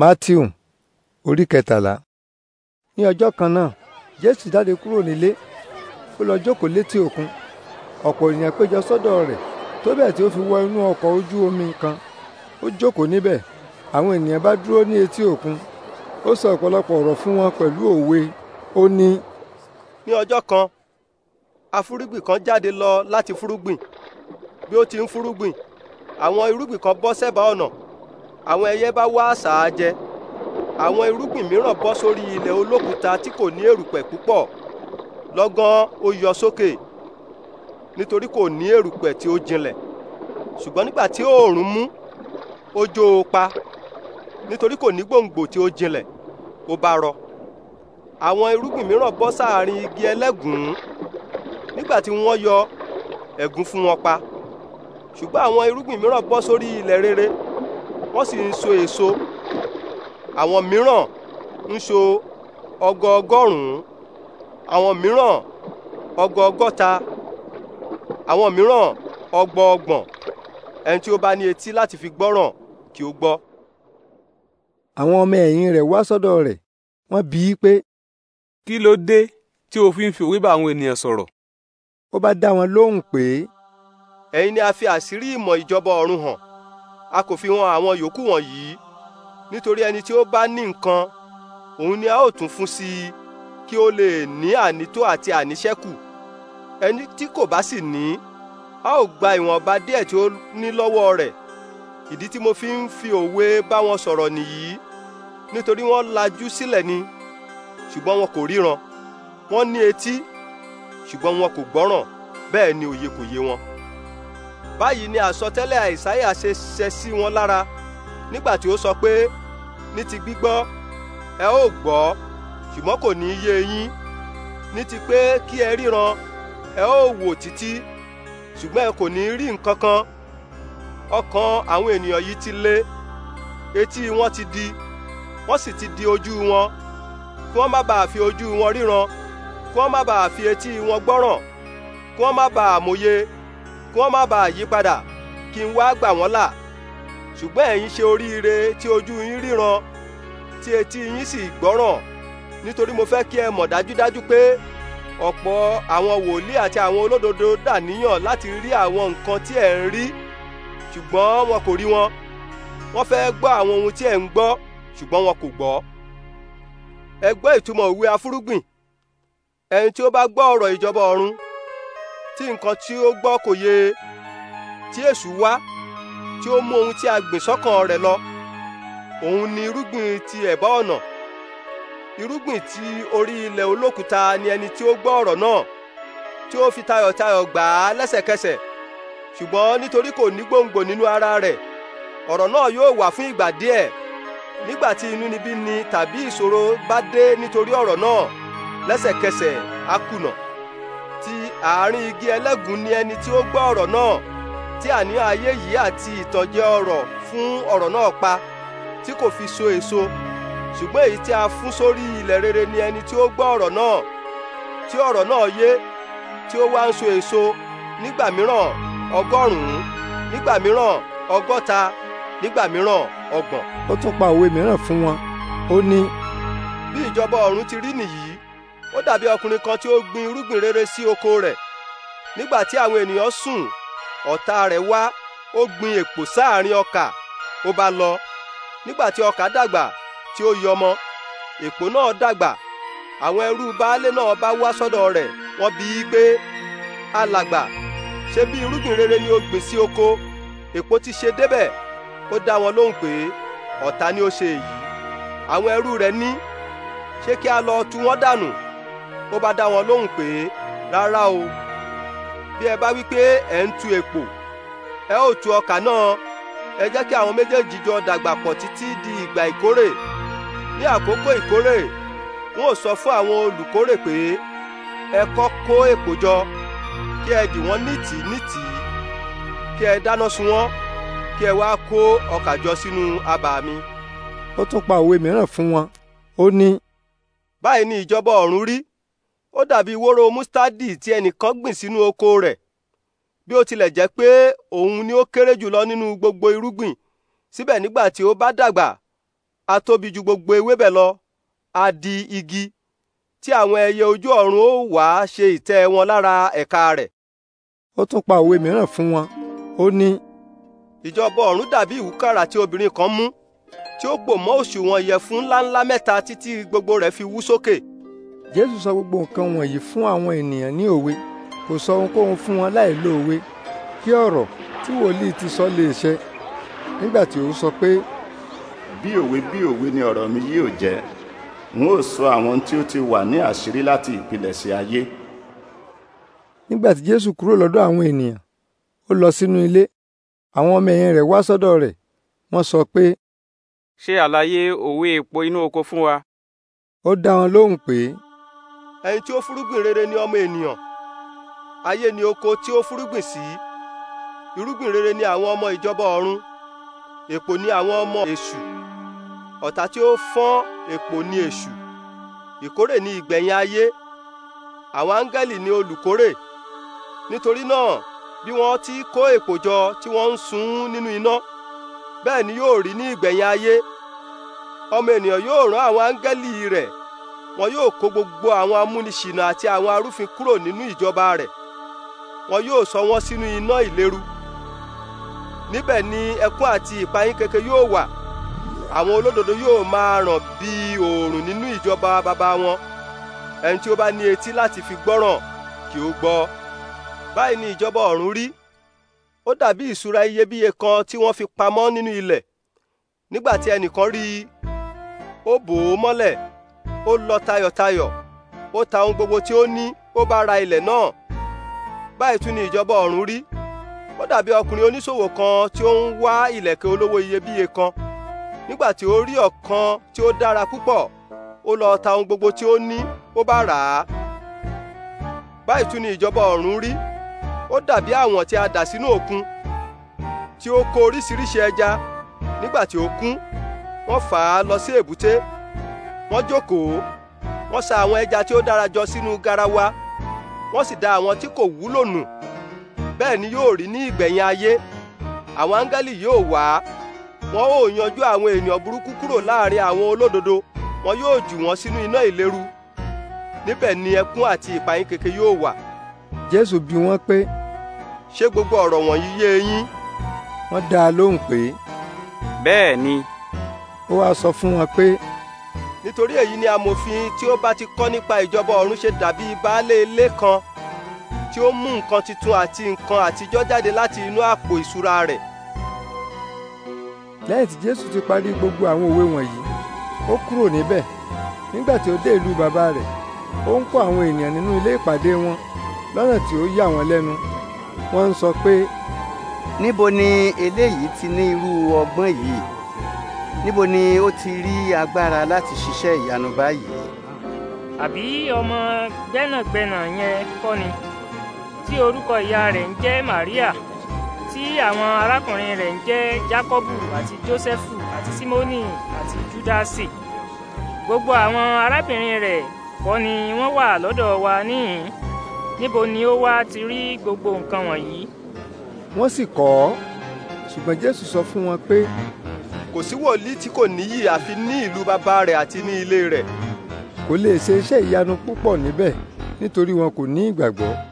matthew orí kẹtàlá. ní ọjọ́ kan náà jésù jáde kúrò nílé ó lọ jókòó létí òkun ọ̀pọ̀ ènìyàn péjọ sọ́dọ̀ rẹ̀ tó bẹ́ẹ̀ tí ó fi wọ inú ọkọ̀ ojú omi kan ó jókòó níbẹ̀ àwọn ènìyàn bá dúró ní etí òkun ó sọ ọ̀pọ̀lọpọ̀ ọ̀rọ̀ fún wọn pẹ̀lú òwe ó ní. ní ọjọ́ kan afúrúgbìn kan jáde lọ láti fúrúgbìn bí ó ti ń fúrúgbìn àwọn irúgbìn kan bọ́ sẹ́bàá ọ̀nà àwọn ẹyẹ bá wá àṣà jẹ àwọn irúgbìn mìíràn bọ́ sórí ilẹ̀ olókùúta tí kò ní èrùpẹ̀ púpọ̀ lọ́gán ó yọ sókè nítorí kò ní èrùpẹ̀ tí ó jinlẹ̀ ṣùgbọ́n nígbà tí oòrùn mú ó jó o pa nítorí kò ní gbòǹgbò tí ó jinlẹ̀ ó bá rọ àwọn irúgbìn mìíràn bọ́ sáàrin igi ẹlẹ́gùn-ún nígbà tí wọ́n yọ ẹ̀gún fún wọn pa ṣùgbọ́n àwọn irúgbìn mìíràn bọ́ sórí ilẹ̀ rere wọ́n sì ń so èso àwọn mìíràn ń so ọgọọgọ́rùn-ún àwọn mìíràn ọgọọgọ́ta àwọn mìíràn ọgbọọgbọ̀n ẹni tí ó bá ní etí láti fi gbọ́ràn kí ó gbọ́. àwọn ọmọ ẹ̀yìn rẹ̀ wá sọ́dọ̀ rẹ̀ wọ́n bi í pé. kí ló dé tí o fi ń fi òwe bá àwọn ènìyàn sọ̀rọ̀. ó bá dá wọn lóhùn pé. ẹ̀yin ni a fi àṣírí ìmọ̀ ìjọba ọ̀run hàn a kò fi wọn àwọn yòókù wọ̀nyí nítorí ẹni tí ó bá ní nǹkan òun ni a ó tún fún sí i kí ó lè ní ànító àti àníṣẹ́kù ẹni tí kò bá sì ní a ó gba ìwọ̀nba díẹ̀ tí ó ní lọ́wọ́ rẹ̀ ìdí tí mo fi ń fi òwe bá wọn sọ̀rọ̀ nìyí nítorí wọ́n lajú sílẹ̀ ni ṣùgbọ́n wọn kò ríran wọ́n ní etí ṣùgbọ́n wọn kò gbọ́ràn bẹ́ẹ̀ ni òye kò yé wọn báyìí ni àsọtẹ́lẹ̀ àìsáyà ṣe ṣẹ sí wọn lára nígbà tí ó sọ pé ní ti gbígbọ́ ẹ ó gbọ́ ṣùgbọ́n kò ní í yé yín ní ti pé kí ẹ ríran ẹ ó wò títí ṣùgbọ́n ẹ kò ní í rí nǹkan kan ọkàn àwọn ènìyàn yìí ti le etí wọn ti di wọ́n sì ti di ojú wọn kí wọ́n má bàa fi ojú wọn ríran kí wọ́n má bàa fi etí wọn gbọ́ràn kí wọ́n má bàa mòye kí wọ́n má bàa yí padà kí n wá gbà wọ́n là ṣùgbọ́n ẹ̀yin ṣe oríire tí ojú yín ríran tí etí yín sì gbọ́ràn nítorí mo fẹ́ kí ẹ mọ̀ dájúdájú pé ọ̀pọ̀ àwọn wòlíì àti àwọn olódodo dàníyàn láti rí àwọn nǹkan tí ẹ̀ ń rí ṣùgbọ́n wọn kò rí wọn wọ́n fẹ́ gbọ́ àwọn ohun tí ẹ̀ ń gbọ́ ṣùgbọ́n wọn kò gbọ́ ẹ gbọ́ ìtumọ̀ òwe afúrúgbìn ẹni tí ó bá gbọ́ ọ̀rọ̀ ìjọba ọ̀run tí nǹkan tí ó gbọ́ kò yé tí èṣù wá tí ó mú ohun tí a gbìn sọ́kàn rẹ̀ lọ òun ni irúgbìn ti ẹ̀bá ọ̀nà irúgbìn ti orí ilẹ̀ olókùúta ni ẹni tí ó gbọ́ ọ̀rọ̀ náà tí ó fi tayọ̀tayọ̀ gbà á lẹ́sẹ̀kẹsẹ̀ ṣùgbọ́n nítorí kò ní gbòǹgbò nínú ara rẹ̀ ọ̀rọ̀ náà yóò wà fún ìgbà díẹ̀ nígbà tí inúnibíni tàbí ìṣòro bá dé nítorí ọ̀rọ̀ náà lẹ́sẹ̀kẹsẹ̀ á kùnà ti àárín igi ẹlẹ́gùn ni ẹni tí ó gbọ́ ọ̀rọ̀ náà tí àníyàn ayé yìí àti ìtànjẹ ọrọ̀ fún ọ̀rọ̀ náà pa tí kò fi so èso ṣùgbọ́n èyí tí a fún sórí ilẹ̀ rere ni ẹni tí ó gbọ́ ọ̀rọ̀ náà tí ọ̀rọ̀ náà yé tí ó wá ń so èso nígbà mìíràn ọgọ́rùn-ún nígbà mìíràn ọgọ́ta nígbà mìíràn ọgbọ̀n. ó tún pa òwe mìíràn fún wọn ó ní. bí ìjọba ọ̀run ti rí nìyí ó dàbí ọkùnrin kan tí ó gbin irúgbìn rere sí oko rẹ̀ nígbà tí àwọn ènìyàn sùn ọ̀tá rẹ̀ wá ó gbin èpò sáàrin ọkà ó bá lọ nígbà tí ọkà dàgbà tí ó yọmọ èpò náà dàgbà àwọn ẹrú baálé náà bá wá sọ́dọ̀ rẹ̀ wọ́n bi í pé alàgbà ṣe bí irúgbìn rere ni ó gbìn sí oko èpò ti ṣe débẹ̀ ó dá wọn lóhùn pé ọ̀tá ni ó ṣe èyí àwọn ẹrú rẹ̀ ní ṣé kí a lọ tú wọn dànù ó bá dá wọn lóhùn pé rárá o bí ẹ bá wí pé ẹ ń tu èpò ẹ ó tu ọkà náà ẹ jẹ́ kí àwọn méjèèjì jọ dàgbà pọ̀ títí di ìgbà ìkórè ní àkókò ìkórè n ó sọ fún àwọn olùkórè pé ẹ kọ́ kó èpò jọ kí ẹ dì wọ́n nítìí nítìí kí ẹ dáná sun wọ́n kí ẹ wá kó ọkà jọ sínú abà mi. ó tún pa òwe mìíràn fún wọn ó ní. báyìí ni ìjọba ọ̀run rí ó dàbí wóró mustadi tí ẹnìkan gbìn sínú oko rẹ̀ bí ó tilẹ̀ jẹ́ pé òun ni ó kéré jùlọ nínú gbogbo irúgbìn síbẹ̀ nígbà tí ó bá dàgbà a tóbi ju gbogbo ewébẹ̀ lọ a di igi tí àwọn ẹyẹ ojú ọ̀run ó wá ṣe ìtẹ́ wọn lára ẹ̀ka rẹ̀. ó tún pa òwe mìíràn fún wọn ó ní. ìjọba ọ̀run dàbí ìwúkàrà tí obìnrin kan mú tí ó pò mọ́ òṣùwọ̀n ìyẹ̀fun ńláńlá mẹ́ta títí gbogbo rẹ̀ fi wú sókè. So jésù sọ gbogbo nǹkan wọ̀nyí fún àwọn ènìyàn ní òwe kò sọ ohunkóhun fún wọn láì lo òwe kí ọ̀rọ̀ tí wòlíì ti sọ lè ṣẹ nígbà tí ó sọ pé. bí òwe bí òwe ni ọ̀rọ̀ mi yóò jẹ́ n ó sọ àwọn tí ó ti wà ní àṣírí láti ìpilẹ̀ṣẹ̀ ayé. nígbà tí jésù kúrò lọ́dọ̀ àwọn ènìyàn ó lọ sínú ilé àwọn ọmọ ẹ̀yìn rẹ̀ wá sọ́dọ̀ rẹ̀ wọ́n sọ pé. ṣe àlàyé òwe èpo inú oko fún wa. ó dá wọn lóhùn pé ẹni tí ó fúrúgbìn rere ni ọmọ ènìyàn ayé ni oko tí ó fúrúgbìn sí irúgbìn rere ni àwọn ọmọ ìjọba ọ̀run èpò ni àwọn ọmọ èṣù ọ̀tá tí ó fọ́n èpò ni èṣù ìkórè ni ìgbẹ̀yìn ayé àwọn áńgẹ́lì ni olùkórè nítorí náà bí wọ́n ti kó èpò jọ tí wọ́n ń sun nínú iná bẹ́ẹ̀ ni yóò rí ní ìgbẹ̀yìn ayé ọmọ ènìyàn yóò rán àwọn áńgẹ́lì rẹ̀ wọn yóò kó gbogbo àwọn amúniṣìnà àti àwọn arúfin kúrò nínú ìjọba rẹ̀ wọn yóò sọ wọn sínú iná ìléru níbẹ̀ ni ẹkún àti ìpayín keke yóò wà àwọn olódodo yóò máa ràn bí oòrùn nínú ìjọba bàbá wọn ẹni tí ó bá ní etí láti fi gbọ́ràn kí ó gbọ́ báyìí ni ìjọba ọ̀run rí ó dàbí ìṣúra iyebíye kan tí wọ́n fi pamọ́ nínú ilẹ̀ nígbà tí ẹnìkan rí i ó bò ó mọ́lẹ̀ ó lọ tayọ̀tayọ̀ ó ta ohun gbogbo tí ó ní ó bá ra ilẹ̀ náà báyìí tún ni ìjọba ọ̀run rí ó dàbí ọkùnrin oníṣòwò kan tí ó ń wá ìlẹ̀kẹ̀ olówó iyebíye kan nígbà tí ó rí ọ̀kan tí ó dára púpọ̀ ó lọ ta ohun gbogbo tí ó ní ó bá rà á báyìí tún ni ìjọba ọ̀run rí ó dàbí àwọn tí a dà sínú òkun tí ó kó oríṣiríṣi ẹja nígbà tí ó kún wọ́n fà á lọ sí èbúté wọ́n jókòó wọ́n sa àwọn ẹja tí ó dára jọ sínú garawa wọ́n sì da àwọn tí kò wúlò nù bẹ́ẹ̀ ni yóò rí ní ìgbẹ̀yìn ayé àwọn áńgẹ́lì yóò wá wọn ó yanjú àwọn ènìyàn burúkú kúrò láàrin àwọn olódodo wọn yóò jù wọn sínú iná ìléru níbẹ̀ ni ẹkún àti ìpayín keke yóò wà. jésù bi wọ́n pé. ṣé gbogbo ọ̀rọ̀ wọ̀nyí yé yín. wọ́n dá a lóhùn pé. bẹ́ẹ̀ ni. ó wáá sọ fún wọn pé nítorí èyí ni amòfin tí ó bá ti kọ́ nípa ìjọba ọ̀run ṣe dàbí baálé ilé kan tí ó mú nǹkan titun àti nǹkan àtijọ́ jáde láti inú àpò ìṣúra rẹ̀. lẹ́yìn tí jésù ti parí gbogbo àwọn òwe wọ̀nyí ó kúrò níbẹ̀ nígbà tí ó dé ìlú bàbá rẹ̀ ó ń kọ́ àwọn ènìyàn nínú ilé ìpàdé wọn lọ́nà tí ó yà wọ́n lẹ́nu wọ́n ń sọ pé. níbo ni eléyìí ti ní irú ọgbọ́n yìí níbo ni ó ti rí agbára láti ṣiṣẹ́ ìyanu báyìí. àbí ọmọ gbẹ́nàgbẹ́nà yẹn kọ́ ni tí orúkọ ìyá rẹ̀ ń jẹ́ Maria tí àwọn arákùnrin rẹ̀ ń jẹ́ Jákọ́bù àti Jósẹ́fù àti Símónì àti Júdásì gbogbo àwọn arábìnrin rẹ̀ kọ́ ni wọ́n wà lọ́dọ̀ wa níhìn níbo ni ó wá ti rí gbogbo nǹkan wọ̀nyí. wọ́n sì kọ̀ ọ́ ṣùgbọ́n Jésù sọ fún wọn pé. Pe kò sí wòlíì tí kò níyì àfi ní ìlú bàbá rẹ̀ àti ní ilé rẹ̀. kò lè ṣe iṣẹ́ ìyanu púpọ̀ níbẹ̀ nítorí wọn kò ní ìgbàgbọ́